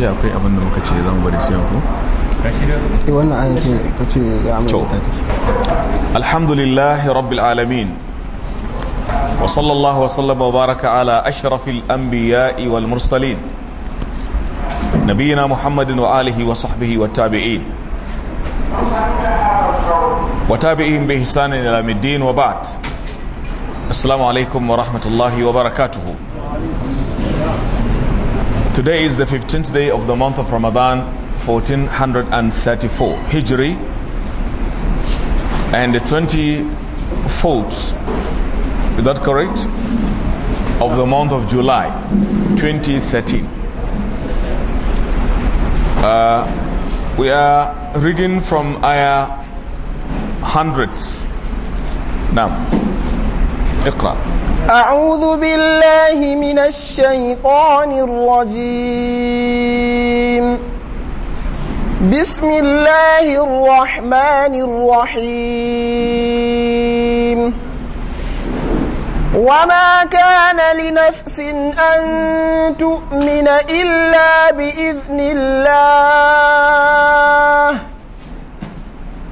je akwai abin da muka ce zan bari sai ku eh wannan ayin ce kace ga amma ta alhamdulillah rabbil alamin wa sallallahu wa sallama wa baraka ala ashrafil anbiya'i wal mursalin nabiyina muhammadin wa alihi wa sahbihi wa tabi'in wa tabi'in bi ihsanin ila middin wa ba'd assalamu alaikum wa rahmatullahi wa barakatuh Today is the 15th day of the month of Ramadan, 1434 Hijri, and the 24th, is that correct? Of the month of July, 2013. Uh, we are reading from Ayah 100. Now, Iqra. أعوذ بالله من الشيطان الرجيم بسم الله الرحمن الرحيم وما كان لنفس أن تؤمن إلا بإذن الله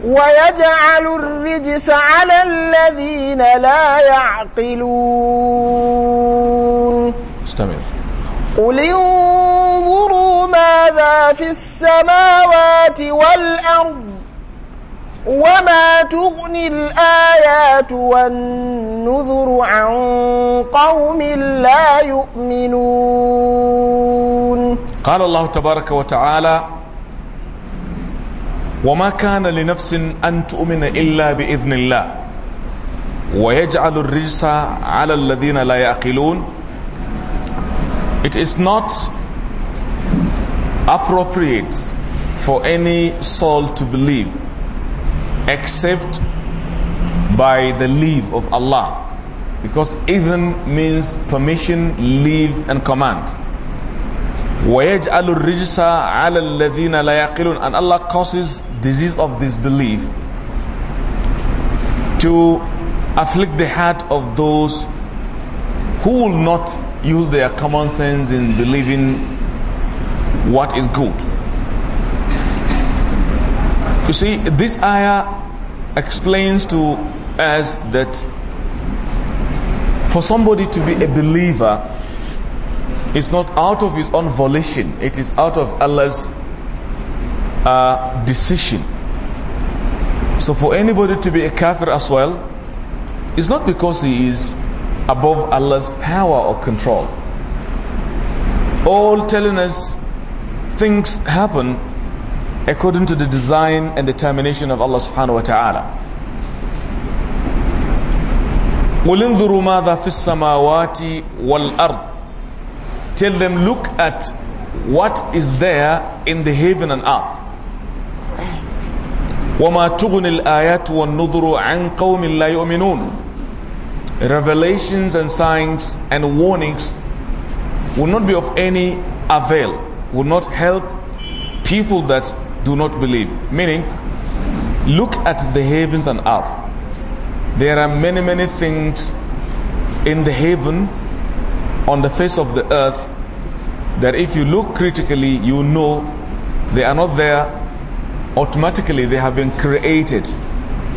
ويجعل الرجس على الذين لا يعقلون استمر قل انظروا ماذا في السماوات والأرض وما تغني الآيات والنذر عن قوم لا يؤمنون قال الله تبارك وتعالى وما كان لنفس أن تؤمن إلا بإذن الله ويجعل الرجس على الذين لا It is not appropriate for any soul to believe except by the leave of Allah because idhn means permission, leave and command. وَيَجْعَلُ الرِّجْسَ عَلَى الَّذِينَ لَا يَقِلُونَ And Allah causes disease of disbelief to afflict the heart of those who will not use their common sense in believing what is good. You see, this ayah explains to us that for somebody to be a believer, it's not out of his own volition. It is out of Allah's uh, decision. So for anybody to be a kafir as well, it's not because he is above Allah's power or control. All telling us things happen according to the design and determination of Allah subhanahu wa ta'ala. وَلِنْظُرُوا مَاذَا فِي السَّمَاوَاتِ وَالْأَرْضِ Tell them, look at what is there in the heaven and earth. وما الآيات والنذر عن قوم لا يؤمنون Revelations and signs and warnings will not be of any avail, will not help people that do not believe. Meaning, look at the heavens and earth. There are many, many things in the heaven on the face of the earth that if you look critically, you know they are not there automatically. They have been created.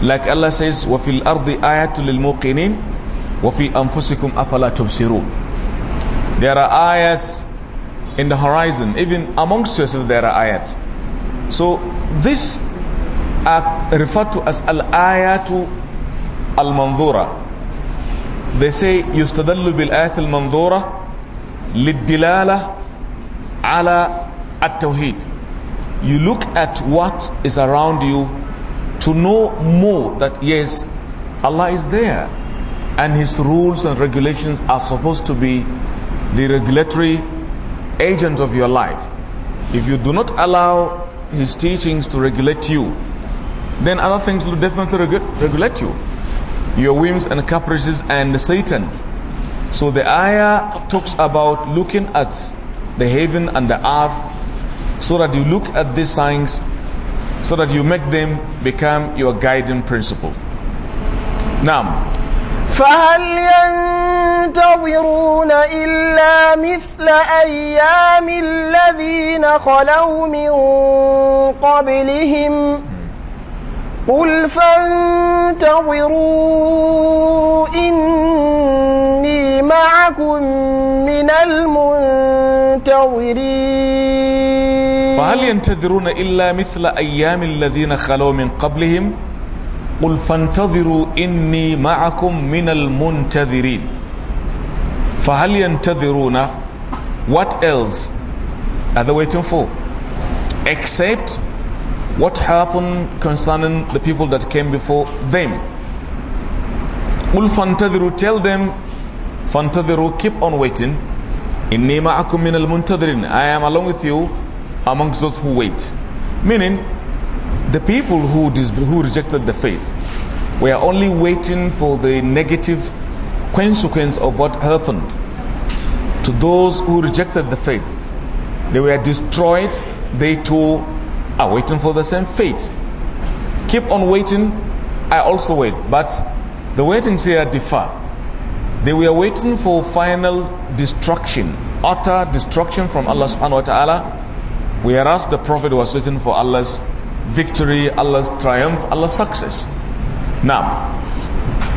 Like Allah says, وَفِي الْأَرْضِ آيَةٌ لِلْمُوقِنِينَ وَفِي أَنفُسِكُمْ أَفَلَا تُبْصِرُونَ There are ayats in the horizon. Even amongst yourselves there are ayahs. So these are referred to as al-ayatu al-manzura. They say يستدل بالآيات المنظورة للدلالة على التوحيد. You look at what is around you to know more that yes, Allah is there and His rules and regulations are supposed to be the regulatory agent of your life. If you do not allow His teachings to regulate you, then other things will definitely regu regulate you your whims and caprices and Satan. So the ayah talks about looking at the heaven and the earth so that you look at these signs so that you make them become your guiding principle. Now, فهل ينتظرون إلا مثل أيام الذين خلوا من قبلهم قل فانتظروا إني معكم من المنتظرين فهل ينتظرون إلا مثل أيام الذين خلوا من قبلهم قل فانتظروا إني معكم من المنتظرين فهل ينتظرون what else are they waiting for except what happened concerning the people that came before them. Ul fantadiru, tell them, fantadiru, keep on waiting. Inni ma'akum min al-muntadirin. I am along with you amongst those who wait. Meaning, the people who, who rejected the faith were only waiting for the negative consequence of what happened to those who rejected the faith. They were destroyed, they too are waiting for the same fate. Keep on waiting. I also wait. But the waitings here differ. They were waiting for final destruction, utter destruction from Allah subhanahu wa ta'ala. Whereas the Prophet was waiting for Allah's victory, Allah's triumph, Allah's success. Now,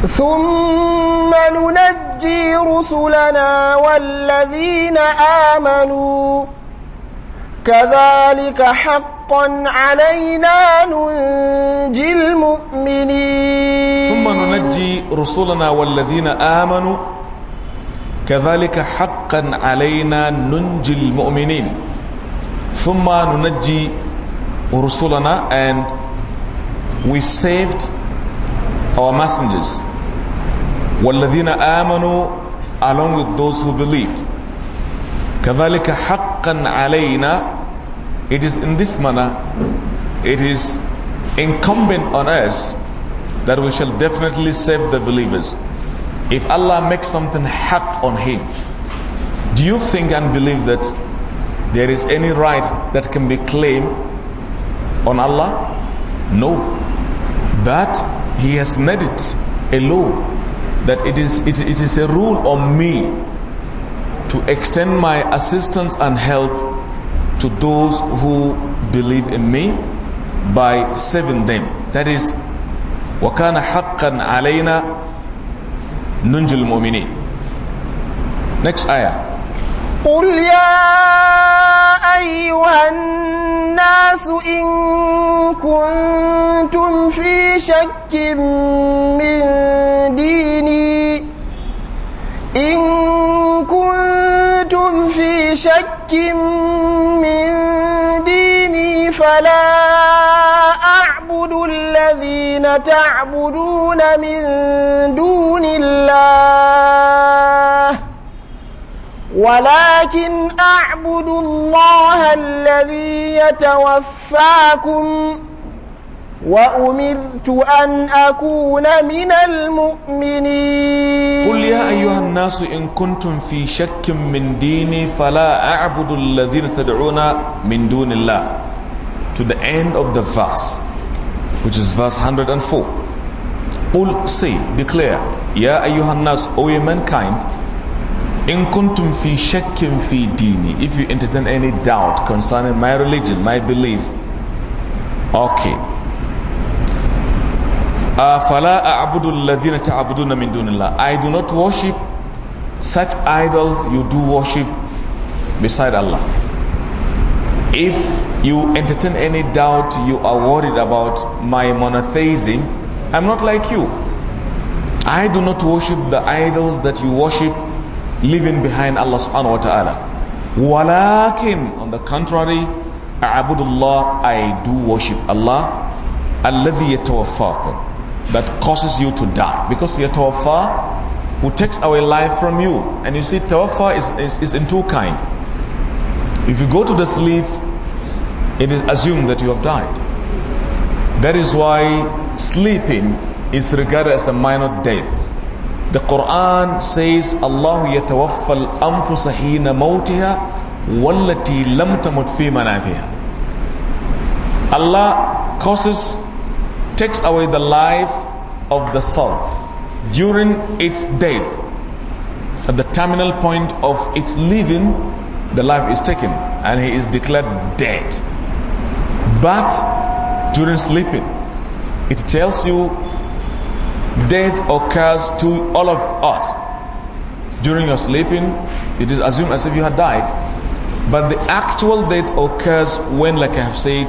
ثم ننجي رسلنا والذين آمنوا كذلك حق حقا علينا ننجي المؤمنين ثم ننجي رسلنا والذين آمنوا كذلك حقا علينا ننجي المؤمنين ثم ننجي رسلنا and we saved our messengers والذين آمنوا along with those who believed كذلك حقا علينا It is in this manner, it is incumbent on us that we shall definitely save the believers. If Allah makes something hard on him, do you think and believe that there is any right that can be claimed on Allah? No. But He has made it a law that it is, it, it is a rule on me to extend my assistance and help to those who believe in me by saving them. That is, وَكَانَ حَقًّا عَلَيْنَا نُنْجِ الْمُؤْمِنِينَ Next ayah. قل يا أيها الناس إن كنتم في شك من ديني إن شك من ديني فلا أعبد الذين تعبدون من دون الله ولكن أعبد الله الذي يتوفاكم وأمرت أن أكون من المؤمنين قل يا أيها الناس إن كنتم في شك من ديني فلا أعبد الذين تدعون من دون الله to the end of the verse which is verse 104 قل say declare يا أيها الناس O ye mankind إن كنتم في شك في ديني if you entertain any doubt concerning my religion my belief okay I do not worship such idols you do worship beside Allah. If you entertain any doubt you are worried about my monotheism, I'm not like you. I do not worship the idols that you worship living behind Allah subhanahu wa ta'ala. Walakin, on the contrary, Abdullah, I do worship Allah, الذي يتوفاكم that causes you to die. Because your tawaffa who takes away life from you. And you see, tawaffa is, is, is in two kind. If you go to the sleep, it is assumed that you have died. That is why sleeping is regarded as a minor death. The Quran says, Allah yatawaffa al-anfusa hina mawtiha wallati lam tamut fi manafiha. Allah causes takes away the life of the soul during its death. At the terminal point of its living, the life is taken and he is declared dead. But during sleeping, it tells you death occurs to all of us. During your sleeping, it is assumed as if you had died. But the actual death occurs when, like I have said,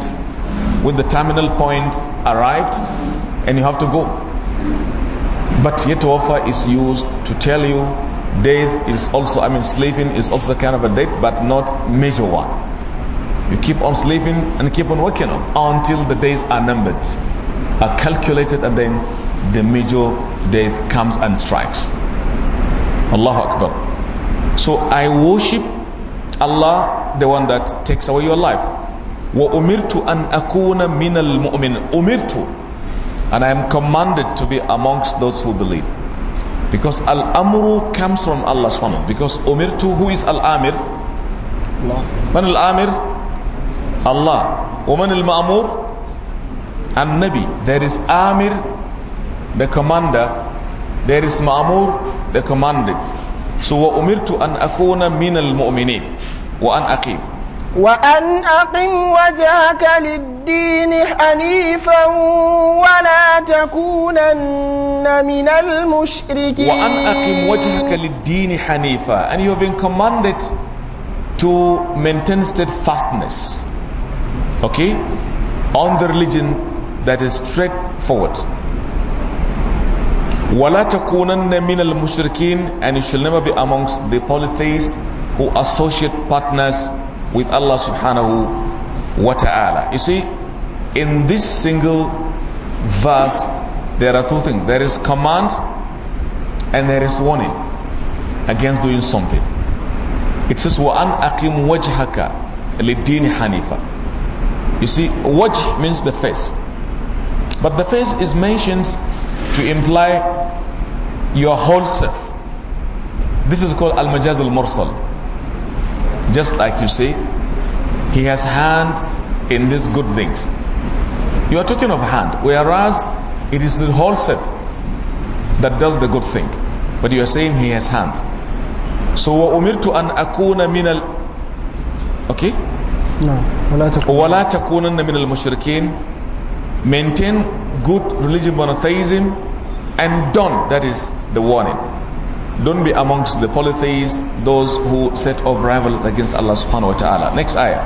with the terminal point arrived and you have to go. But offer is used to tell you death is also, I mean, sleeping is also kind of a death, but not major one. You keep on sleeping and keep on waking up until the days are numbered, are calculated, and then the major death comes and strikes. Allahu Akbar. So I worship Allah, the one that takes away your life an أَنْ أَكُونَ مِنَ الْمُؤْمِنِ أُمِرْتُ And I am commanded to be amongst those who believe. Because Al-Amru comes from Allah swt Because Umirtu, who is Al-Amir? Allah. Man Al-Amir? Allah. Woman Al-Ma'amur? and Nabi. There is Amir, the commander. There is Ma'amur, the commanded. So, وَأُمِرْتُ أَنْ أَكُونَ مِنَ wa an أَقِيمُ وأن أقم وجهك للدين حنيفا ولا تكونن من المشركين وأن أقم وجهك للدين حنيفا and you have been commanded to maintain steadfastness okay on the religion that is straightforward ولا تكونن من المشركين and you shall never be amongst the polytheists who associate partners with Allah subhanahu wa ta'ala. You see, in this single verse, there are two things. There is command and there is warning against doing something. It says, وَأَنْ أَقِمْ وَجْهَكَ لِلدِّينِ حَنِيفًا You see, wajh means the face. But the face is mentioned to imply your whole self. This is called al-majaz al-mursal. Just like you say, he has hand in these good things. You are talking of hand, whereas it is the whole self that does the good thing. But you are saying he has hand. So umir tu an akuna ال... Okay? No. وَلَا تَكُونَنَّ مِنَ mushrikeen. Maintain good religion monotheism and don't. That is the warning. Don't be amongst the polytheists, those who set up rivals against Allah subhanahu wa ta'ala. Next ayah.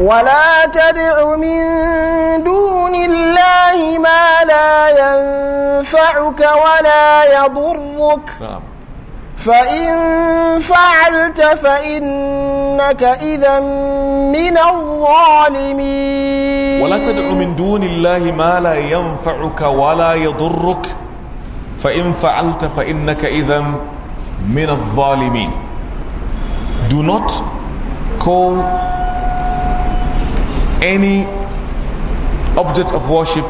ولا تدع من دون الله ما لا ينفعك ولا يضرك فإن فعلت فإنك إذا من الظالمين ولا تدع من دون الله ما لا ينفعك ولا يضرك فَإِن فَعَلْتَ فَإِنَّكَ إِذًا مِنَ الظَّالِمِينَ Do not call any object of worship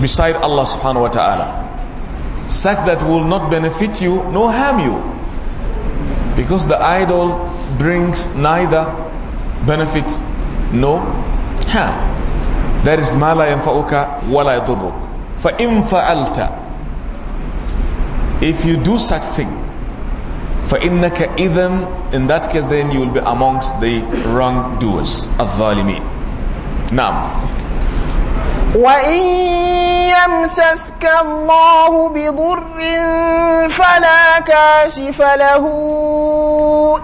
beside Allah subhanahu wa ta'ala. Such that will not benefit you nor harm you. Because the idol brings neither benefit nor harm. That is ma la yanfa'uka wa la yadurruk. فَإِن فَعَلْتَ if you do such thing, فَإِنَّكَ إِذَمْ In that case then you will be amongst the wrongdoers, الظالمين. Now, وإن يمسسك الله بضر فلا كاشف له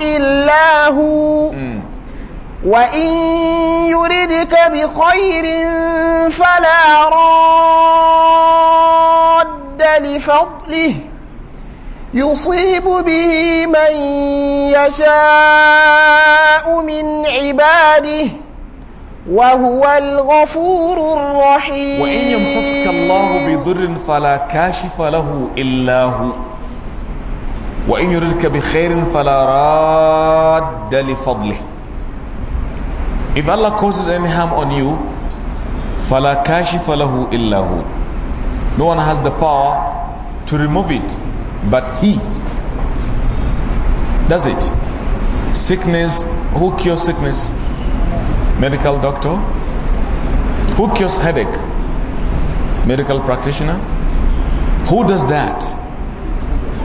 إلا هو وإن يردك بخير فلا راد لفضله يصيب به من يشاء من عباده وهو الغفور الرحيم وإن يمسسك الله بضر فلا كاشف له إلا هو وإن يردك بخير فلا راد لفضله If Allah causes any harm on you فلا كاشف له إلا هو No one has the power to remove it but he. Does it. Sickness, who cures sickness? Medical doctor? Who cures headache? Medical practitioner? Who does that?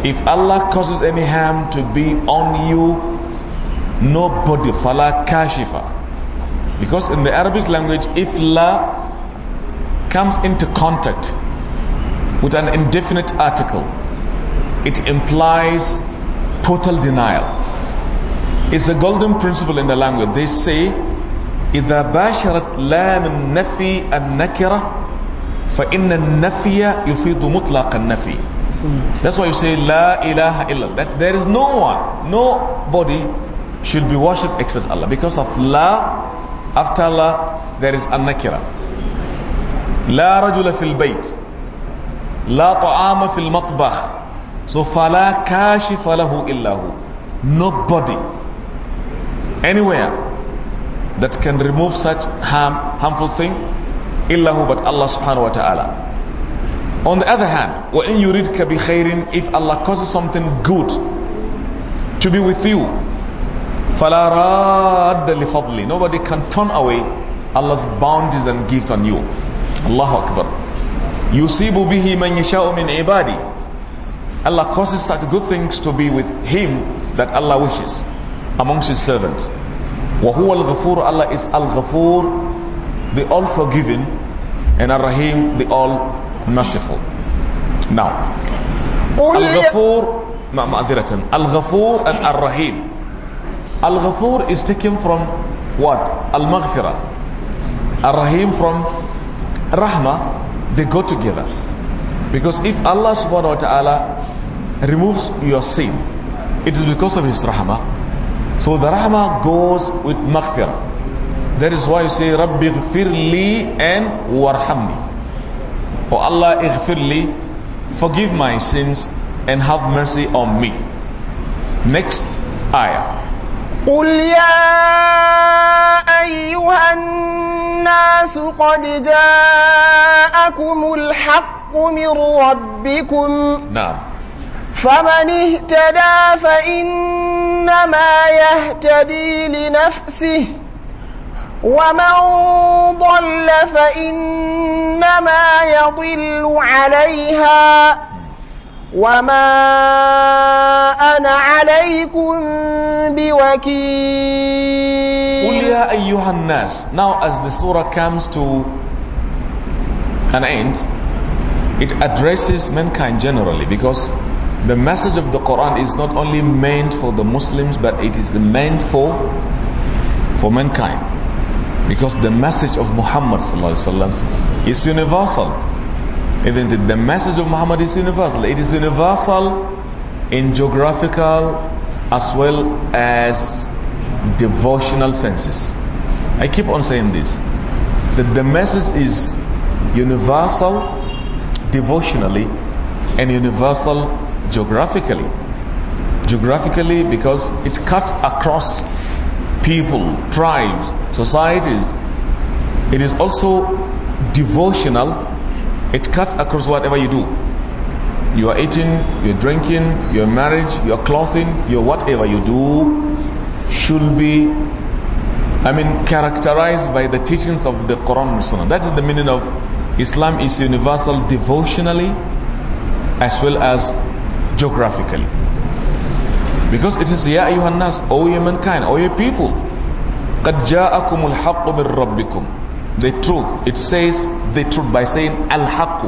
If Allah causes any harm to be on you, nobody, fala kashifa. Because in the Arabic language, if la comes into contact with an indefinite article, it implies total denial. It's a golden principle in the language. They say, إذا باشرت لام النفي النكرة فإن النفي يفيد مطلق النفي. That's why you say La ilaha illallah. That there is no one, nobody should be worshipped except Allah. Because of La, after La, there is an-nakira. La في البيت. bayt. La ta'ama fil so fala kashifa lahu illahu. Nobody anywhere that can remove such harm, harmful thing illahu but Allah subhanahu wa ta'ala. On the other hand, وَإِن يُرِدْكَ بِخَيْرٍ If Allah causes something good to be with you, فَلَا رَادَّ لِفَضْلِ Nobody can turn away Allah's bounties and gifts on you. Allahu Akbar. يُصِيبُ بِهِ مَنْ يَشَاءُ مِنْ عِبَادِهِ Allah causes such good things to be with him that Allah wishes amongst his servants. وَهُوَ الْغَفُورُ Allah is Al-Ghafur, the all-forgiving, and Ar-Rahim, the all-merciful. Now, Al-Ghafur, Al-Ghafur and Ar-Rahim. Al-Ghafur is taken from what? Al-Maghfirah. Ar-Rahim from rahma. They go together. Because if Allah subhanahu wa ta'ala removes your sin, it is because of his rahmah. So the rahmah goes with maghfirah. That is why you say, Rabbi ghfirli and warhamni. For oh Allah, ighfirli, forgive my sins and have mercy on me. Next ayah. قل يا أيها الناس قد جاءكم الحق الحق من ربكم نعم فمن اهتدى فإنما يهتدي لنفسه ومن ضل فإنما يضل عليها وما أنا عليكم بوكيل قل يا أيها الناس Now as the surah comes to an end it addresses mankind generally because the message of the Quran is not only meant for the Muslims but it is meant for for mankind because the message of Muhammad وسلم, is universal isn't it the message of Muhammad is universal it is universal in geographical as well as devotional senses I keep on saying this that the message is universal devotionally and universal geographically. Geographically, because it cuts across people, tribes, societies. It is also devotional. It cuts across whatever you do. You are eating, you're drinking, your marriage, your clothing, your whatever you do should be, I mean, characterized by the teachings of the Quran and Sunnah. That is the meaning of Islam is universal devotionally as well as geographically. Because it is Ya ayyuhan O ye mankind, O ye people. قَدْ جَاءَكُمُ الْحَقُّ مِنْ The truth, it says the truth by saying al-haqq.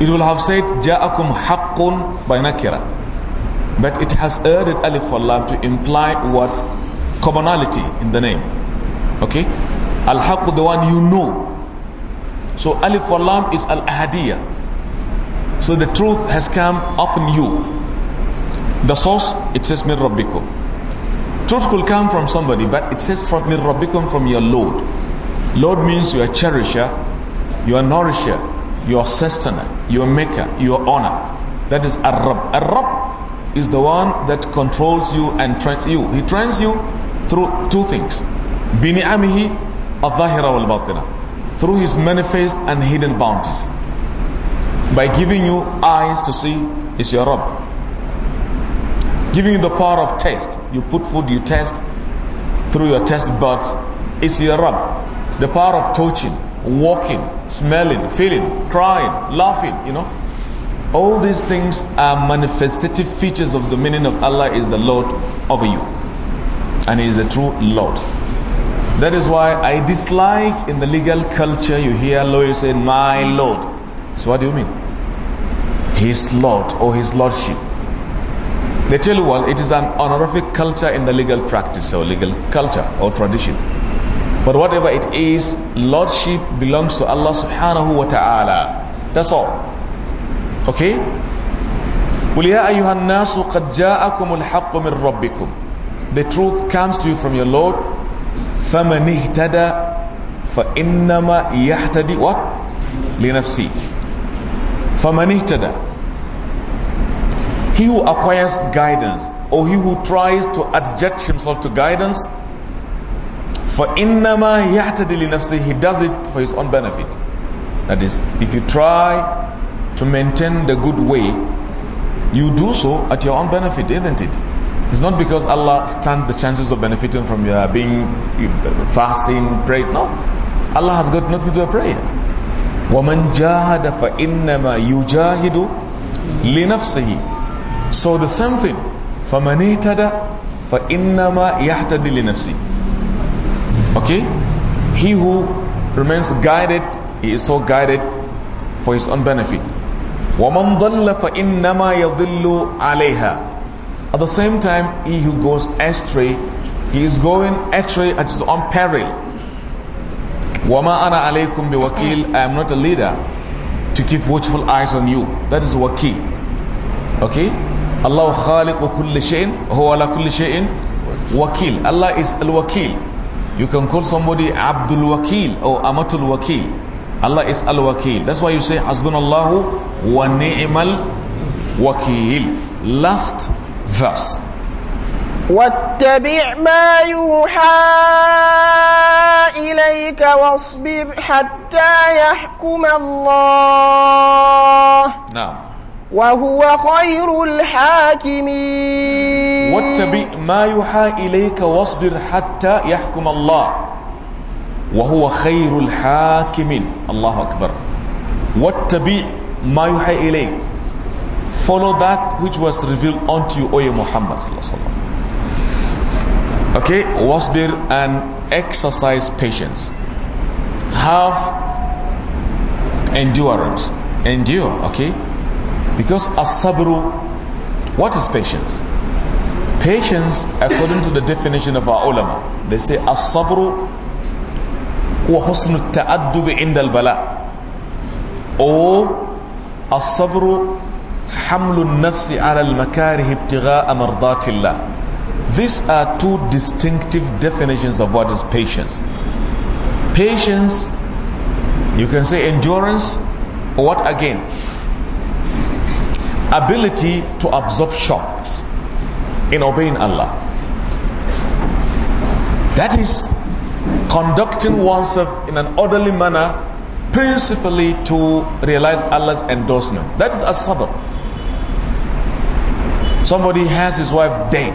It will have said جَاءَكُمْ حَقٌّ by nakira. But it has added alif Allah to imply what? Commonality in the name. Okay? Al-haqq, the one you know. So Alif wal Lam is al ahadiyya. So the truth has come upon you. The source, it says min rabbikum. Truth could come from somebody, but it says from min rabbikum, from your Lord. Lord means your cherisher, your nourisher, your sustainer, your maker, your honor. That is rab. A rab is the one that controls you and trains you. He trains you through two things. Bini'amihi al-zahira wal-batina through his manifest and hidden bounties by giving you eyes to see is your Rabb giving you the power of taste you put food you taste through your taste buds is your Rabb the power of touching walking smelling feeling crying laughing you know all these things are manifestative features of the meaning of Allah is the Lord over you and he is a true Lord that is why I dislike in the legal culture you hear lawyers say, my lord. So what do you mean? His lord or his lordship. They tell you, well, it is an honorific culture in the legal practice or legal culture or tradition. But whatever it is, lordship belongs to Allah subhanahu wa ta'ala. That's all. Okay? قُلْ يَا أَيُّهَا النَّاسُ قَدْ جَاءَكُمُ الْحَقُّ مِنْ رَبِّكُمْ The truth comes to you from your Lord فَمَنِ اهْتَدَى فَإِنَّمَا يَهْتَدِي What? لِنَفْسِهِ فَمَنِ اهْتَدَى He who acquires guidance or he who tries to adjust himself to guidance فَإِنَّمَا يَهْتَدِي لِنَفْسِي He does it for his own benefit. That is, if you try to maintain the good way, you do so at your own benefit, isn't it? It's not because Allah stands the chances of benefiting from your being fasting, praying. No. Allah has got nothing to do with prayer. وَمَنْ جَاهَدَ فَإِنَّمَا يُجَاهِدُ لِنَفْسِهِ So the same thing. فَمَنْ اِهْتَدَ فَإِنَّمَا يَهْتَدِ لِنَفْسِهِ Okay? He who remains guided, he is so guided for his own benefit. وَمَنْ ضَلَّ فَإِنَّمَا يَضِلُّ عَلَيْهَا at the same time, he who goes astray, he is going astray at his own peril. Wama ana alaykum waqil. I am not a leader to keep watchful eyes on you. That is wakil. Okay? Allah khaliq wa kulli shayin, huwa ala kulli shayin, wakil. Allah is al-wakil. You can call somebody Abdul Wakil or Amatul Wakil. Allah is Al Wakil. That's why you say Hasbunallahu wa ni'mal wakil. Last verse. واتبع ما يوحى إليك واصبر حتى يحكم الله نعم وهو خير الحاكمين واتبع ما يوحى إليك واصبر حتى يحكم الله وهو خير الحاكمين الله أكبر واتبع ما يوحى إليك follow that which was revealed unto you, O Muhammad. Okay, wasbir and exercise patience. Have endurance. Endure, okay? Because asabru, what is patience? Patience, according to the definition of our ulama, they say asabru huwa husnu ta'addub inda al-bala. Or asabru hamlun nafsi alal makarih ibtigha'a mardatillah these are two distinctive definitions of what is patience patience you can say endurance or what again ability to absorb shocks in obeying Allah that is conducting oneself in an orderly manner principally to realize Allah's endorsement that is a sabr Somebody has his wife dead.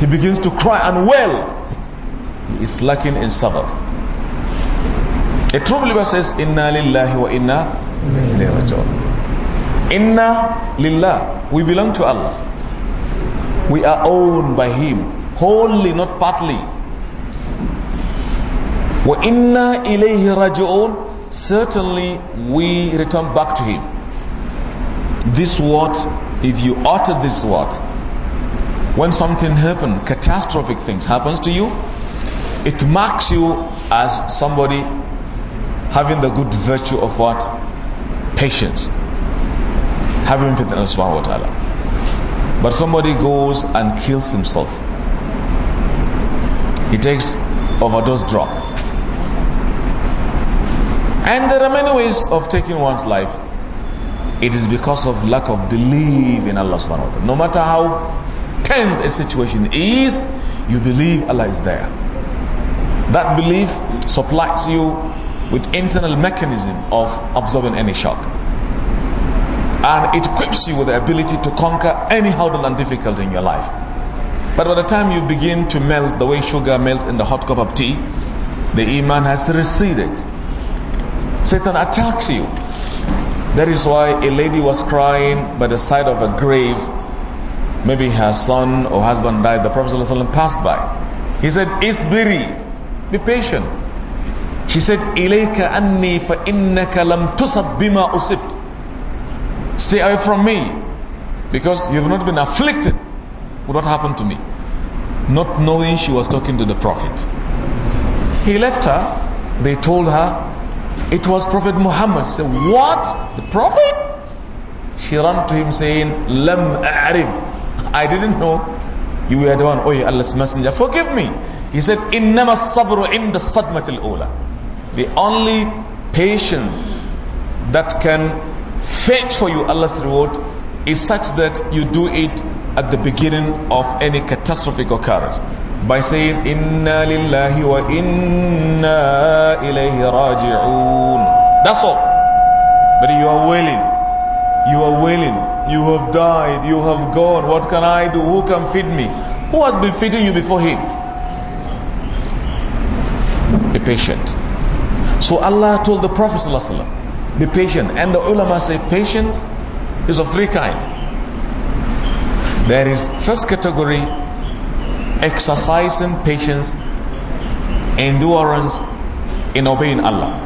He begins to cry and well He is lacking in sabr. A true believer says, Inna lillahi wa inna ilayhi raji'un. Inna lillah. We belong to Allah. We are owned by Him. Wholly, not partly. Wa inna ilayhi raji'un. Certainly we return back to Him. This word if you utter this word, when something happens, catastrophic things happens to you, it marks you as somebody having the good virtue of what? Patience. Having faith in Allah subhanahu wa ta'ala. But somebody goes and kills himself. He takes overdose drug. And there are many ways of taking one's life it is because of lack of belief in Allah subhanahu wa ta'ala. No matter how tense a situation is, you believe Allah is there. That belief supplies you with internal mechanism of absorbing any shock. And it equips you with the ability to conquer any hurdle and difficulty in your life. But by the time you begin to melt the way sugar melts in the hot cup of tea, the iman has receded. Satan attacks you that is why a lady was crying by the side of a grave. Maybe her son or husband died. The Prophet ﷺ passed by. He said, Isbiri, be patient. She said, Ilayka anni fa innaka lam tusab bima usibt. Stay away from me because you've not been afflicted with what happened to me. Not knowing she was talking to the Prophet. He left her. They told her, it was Prophet Muhammad. She said, what? The Prophet? She ran to him saying, Lam a'rif. I didn't know you were the one. Oh, Allah's messenger, forgive me. He said, Innama sabru the sadmatil ula. The only patience that can fetch for you Allah's reward is such that you do it at the beginning of any catastrophic occurrence by saying inna lillahi wa inna ilayhi raji'un that's all but you are willing. you are willing. you have died you have gone what can i do who can feed me who has been feeding you before him be patient so allah told the prophet sallallahu be patient and the ulama say patient is of three kinds there is first category exercising patience, endurance in obeying Allah.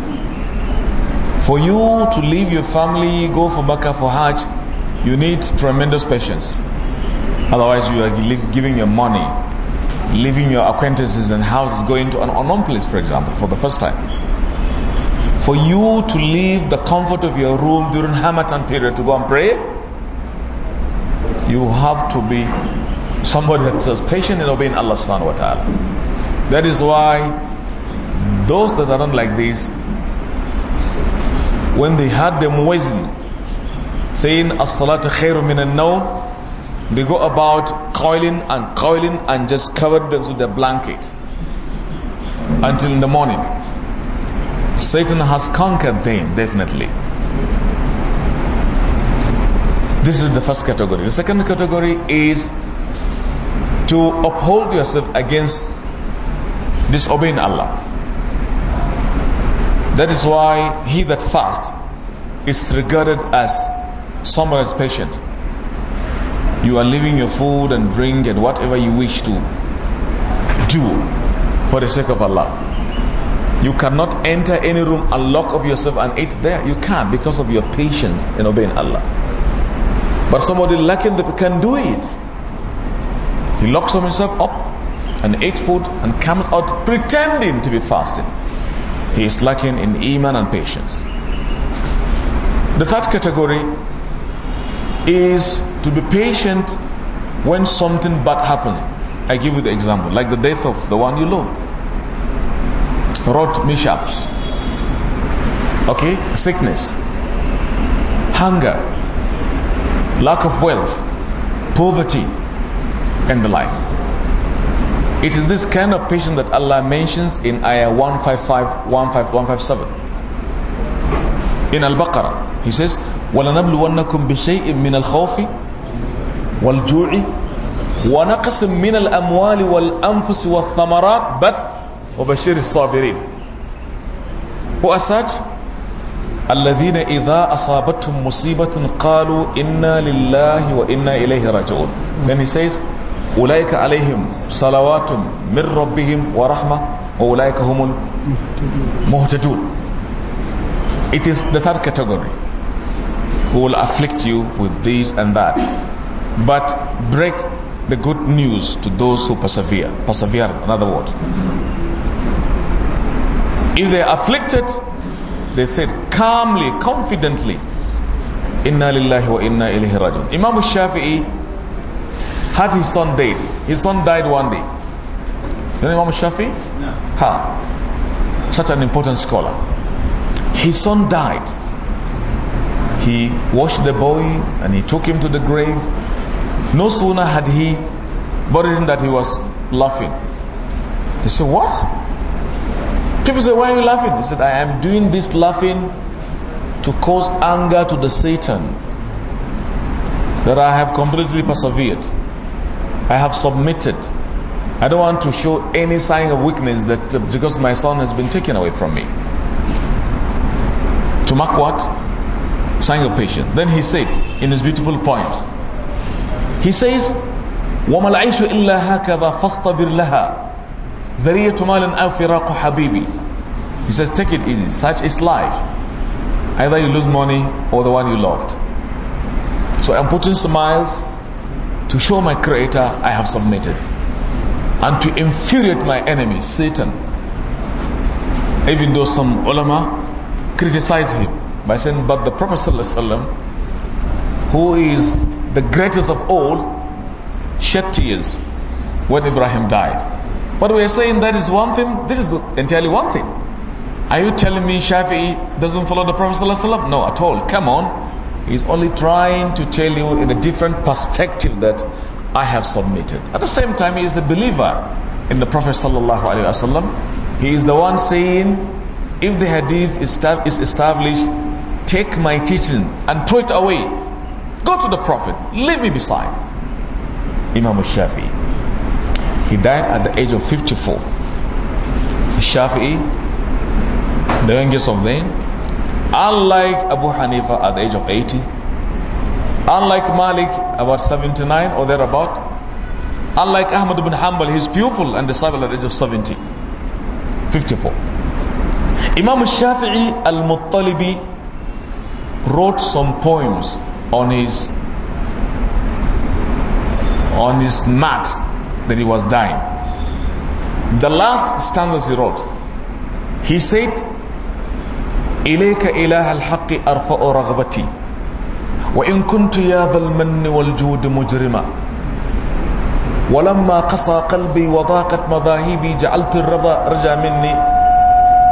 For you to leave your family, go for Baka for Hajj, you need tremendous patience. Otherwise, you are giving your money, leaving your acquaintances and houses, going to an unknown place, for example, for the first time. For you to leave the comfort of your room during Hamatan period to go and pray, you have to be somebody that is patient in obeying Allah subhanahu wa ta'ala. That is why those that are not like this, when they had them wazn, saying as-salatu khairun min al they go about coiling and coiling and just covered them with a blanket until in the morning. Satan has conquered them, definitely. This is the first category. The second category is to uphold yourself against disobeying Allah. That is why he that fast is regarded as someone as patient. You are leaving your food and drink and whatever you wish to do for the sake of Allah. You cannot enter any room and lock up yourself and eat there. You can't because of your patience in obeying Allah. But somebody lacking the, can do it. He locks himself up and eats food and comes out pretending to be fasting. He is lacking in iman and patience. The third category is to be patient when something bad happens. I give you the example, like the death of the one you love. Rot mishaps. Okay? Sickness. Hunger. Lack of wealth. Poverty and the like. It is this kind of patience that Allah mentions in Ayah 155, 157. In Al-Baqarah, He says, وَلَنَبْلُوَنَّكُمْ بِشَيْءٍ مِّنَ الْخَوْفِ وَالْجُوعِ وَنَقْسٍ مِّنَ الْأَمْوَالِ وَالْأَنفُسِ وَالثَّمَرَاتِ بَتْ وَبَشِّرِ الصَّابِرِينَ Who are such? الذين إذا أصابتهم مصيبة قالوا إنا لله وإنا إليه راجعون Then he says أولئك عليهم صلوات من ربهم ورحمة وأولئك هم المهتدون It is the third category who will afflict you with this and that but break the good news to those who persevere persevere another word if they are afflicted they said calmly confidently inna lillahi wa inna ilayhi rajiun imam shafi'i had his son died, His son died one day. You know Imam Shafi? No. Ha. Such an important scholar. His son died. He washed the boy and he took him to the grave. No sooner had he buried him that he was laughing. They said, What? People say, Why are you laughing? He said, I am doing this laughing to cause anger to the Satan that I have completely persevered. I have submitted. I don't want to show any sign of weakness that uh, because my son has been taken away from me. To mark what? Sign of patience. Then he said in his beautiful poems, he says, وَمَا الْعَيْشُ إِلَّا هَكَذَا فَاسْتَبِرْ لَهَا زَرِيَةُ مَالٍ أَوْ فِرَاقُ حَبِيبِ He says, take it easy. Such is life. Either you lose money or the one you loved. So I'm putting smiles to show my creator I have submitted and to infuriate my enemy Satan even though some ulama criticize him by saying but the Prophet ﷺ, who is the greatest of all shed tears when Ibrahim died but we are saying that is one thing this is entirely one thing are you telling me Shafi'i doesn't follow the Prophet ﷺ? no at all come on He's only trying to tell you in a different perspective that I have submitted. At the same time, he is a believer in the Prophet sallallahu alaihi wasallam. He is the one saying, if the hadith is established, take my teaching and throw it away. Go to the Prophet. Leave me beside. Imam al-Shafi'i. He died at the age of 54. Shafi'i, the youngest of them, Unlike Abu Hanifa at the age of 80, unlike Malik about 79 or thereabout, unlike Ahmad ibn Hanbal, his pupil and disciple at the age of 70, 54. Imam Shafi'i al-Muttalibi wrote some poems on his on his mat that he was dying. The last stanzas he wrote, he said, إليك إله الحق أرفع رغبتي وإن كنت يا ذا المن والجود مجرما ولما قصى قلبي وضاقت مذاهبي جعلت الرضا رجا مني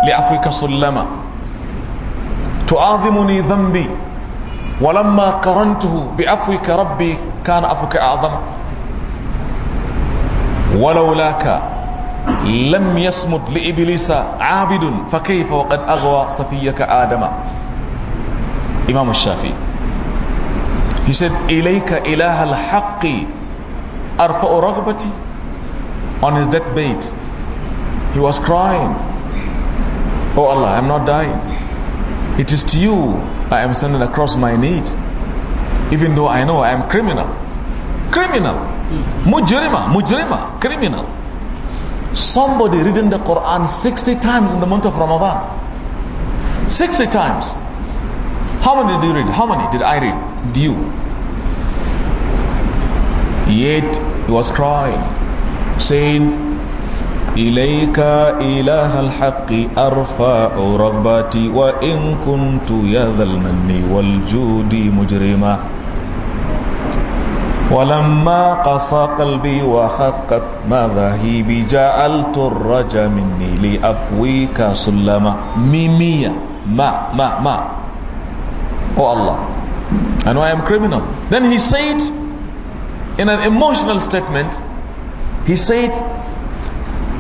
لعفوك صلما تعاظمني ذنبي ولما قرنته بعفوك ربي كان عفوك أعظم ولولاك لم يصمد لإبليس عابد فكيف وقد أغوى صفيك آدم Imam Shafi. He said, إليك إله الحق أرفع رغبتي On his deathbed, he was crying. Oh Allah, I'm not dying. It is to you I am sending across my need. Even though I know I am criminal. Criminal. مجرمة mujrima, criminal. Somebody reading the Quran 60 times in the month of Ramadan. 60 times. How many did you read? How many did I read? Do you? Yet he was crying, saying, إليك إله الحق أرفع رغبتي وإن كنت يا ذا المن والجود مجرما ولما قصى قلبي وحقت مذاهبي جعلت الرجا مني لأفويك سلما ميميا ما ما ما Oh Allah and I am criminal then he said in an emotional statement he said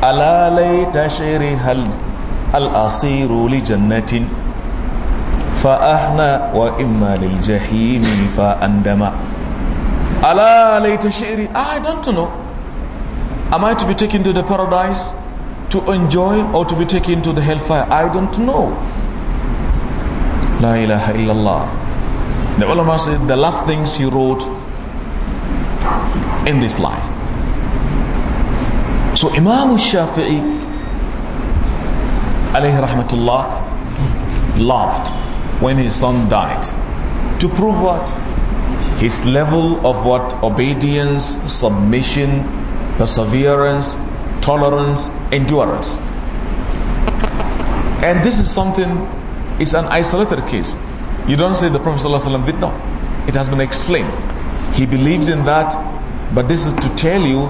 ألا ليت شرها الأصير لجنة فأهنى وإما للجحيم فأندما Allah later shi'ri. I don't know. Am I to be taken to the paradise to enjoy or to be taken to the hellfire? I don't know. La ilaha illallah. The ulama said the last things he wrote in this life. So Imam Shafi'i alayhi rahmatullah laughed when his son died to prove what? his level of what obedience, submission, perseverance, tolerance, endurance. And this is something, it's an isolated case. You don't say the Prophet ﷺ did not. It has been explained. He believed in that, but this is to tell you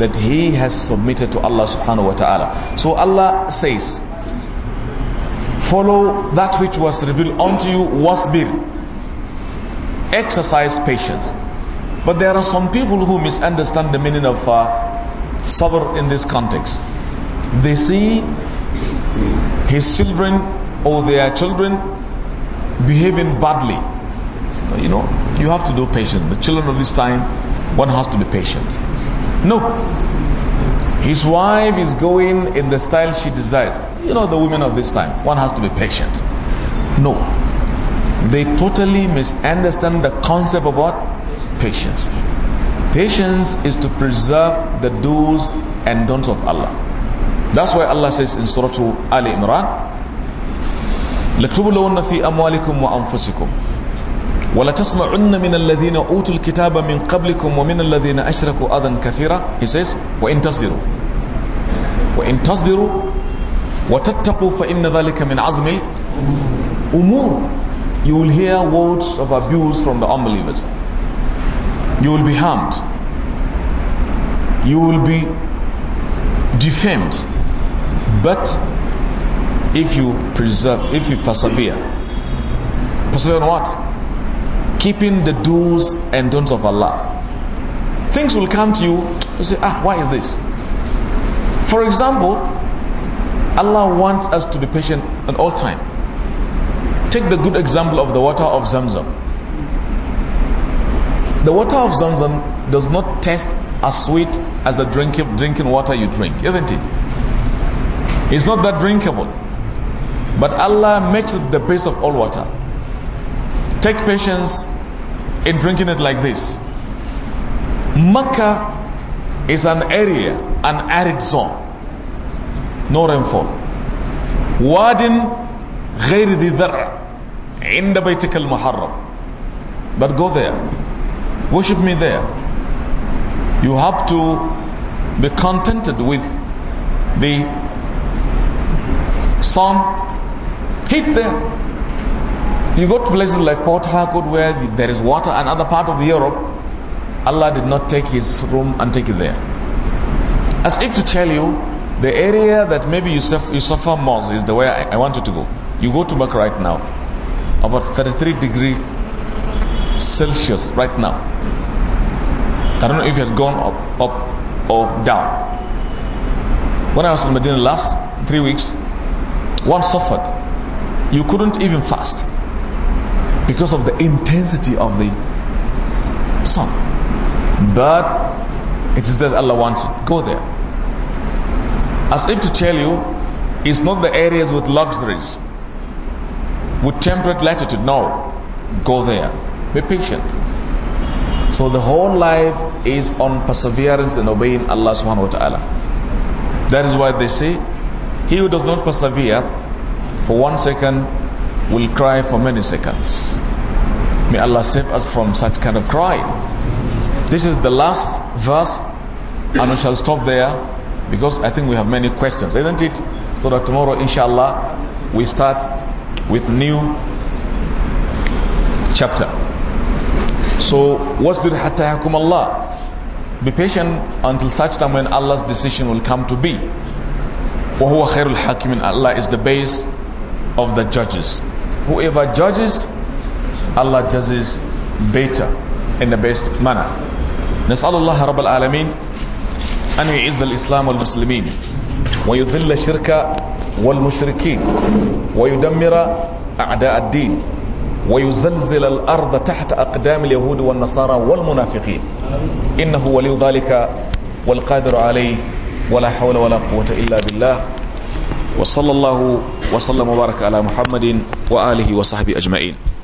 that he has submitted to Allah subhanahu wa ta'ala. So Allah says, follow that which was revealed unto you, wasbir exercise patience. But there are some people who misunderstand the meaning of uh, sabr in this context. They see his children or their children behaving badly. So, you know, you have to do patience. The children of this time, one has to be patient. No. His wife is going in the style she desires. You know, the women of this time, one has to be patient. No they totally misunderstand the concept of what? Patience. Patience is to preserve the do's and don'ts of Allah. That's why Allah says in Surah Ali Imran, لتبلون في أموالكم وأنفسكم ولا تسمعن من الذين أوتوا الكتاب من قبلكم ومن الذين أشركوا أذى كثيرا he says وإن تصبروا وإن تصبروا وتتقوا فإن ذلك من عزم الأمور you will hear words of abuse from the unbelievers. You will be harmed. You will be defamed. But if you preserve, if you persevere, persevere on what? Keeping the do's and don'ts of Allah. Things will come to you, you say, ah, why is this? For example, Allah wants us to be patient at all times. Take the good example of the water of Zamzam. The water of Zamzam does not taste as sweet as the drinking, drinking water you drink, isn't it? It's not that drinkable. But Allah makes it the base of all water. Take patience in drinking it like this. Makkah is an area, an arid zone. No rainfall. Wadin غير ذي in the Bayt al Muharram. But go there. Worship me there. You have to be contented with the sun heat there. You go to places like Port Harcourt where there is water and other part of Europe. Allah did not take his room and take it there. As if to tell you, the area that maybe you suffer, you suffer most is the way I, I want you to go. You go to Mecca right now about 33 degree Celsius right now. I don't know if it has gone up, up or down. When I was in Medina last three weeks, one suffered. You couldn't even fast because of the intensity of the sun. But it is that Allah wants to Go there. As if to tell you, it's not the areas with luxuries with temperate latitude. No, go there. Be patient. So the whole life is on perseverance and obeying Allah subhanahu wa ta'ala. That is why they say, he who does not persevere for one second will cry for many seconds. May Allah save us from such kind of crying. This is the last verse and we shall stop there because I think we have many questions, isn't it? So that tomorrow, inshallah, we start with new chapter. So what's the hatta yakum Allah? Be patient until such time when Allah's decision will come to be. وَهُوَ خَيْرُ الْحَاكِمِينَ Allah is the base of the judges. Whoever judges, Allah judges better in the best manner. نسأل الله رب العالمين أن يعز الإسلام والمسلمين ويذل الشرك والمشركين ويدمر أعداء الدين ويزلزل الأرض تحت أقدام اليهود والنصارى والمنافقين إنه ولي ذلك والقادر عليه ولا حول ولا قوة إلا بالله وصلى الله وصلى وبارك على محمد وآله وصحبه أجمعين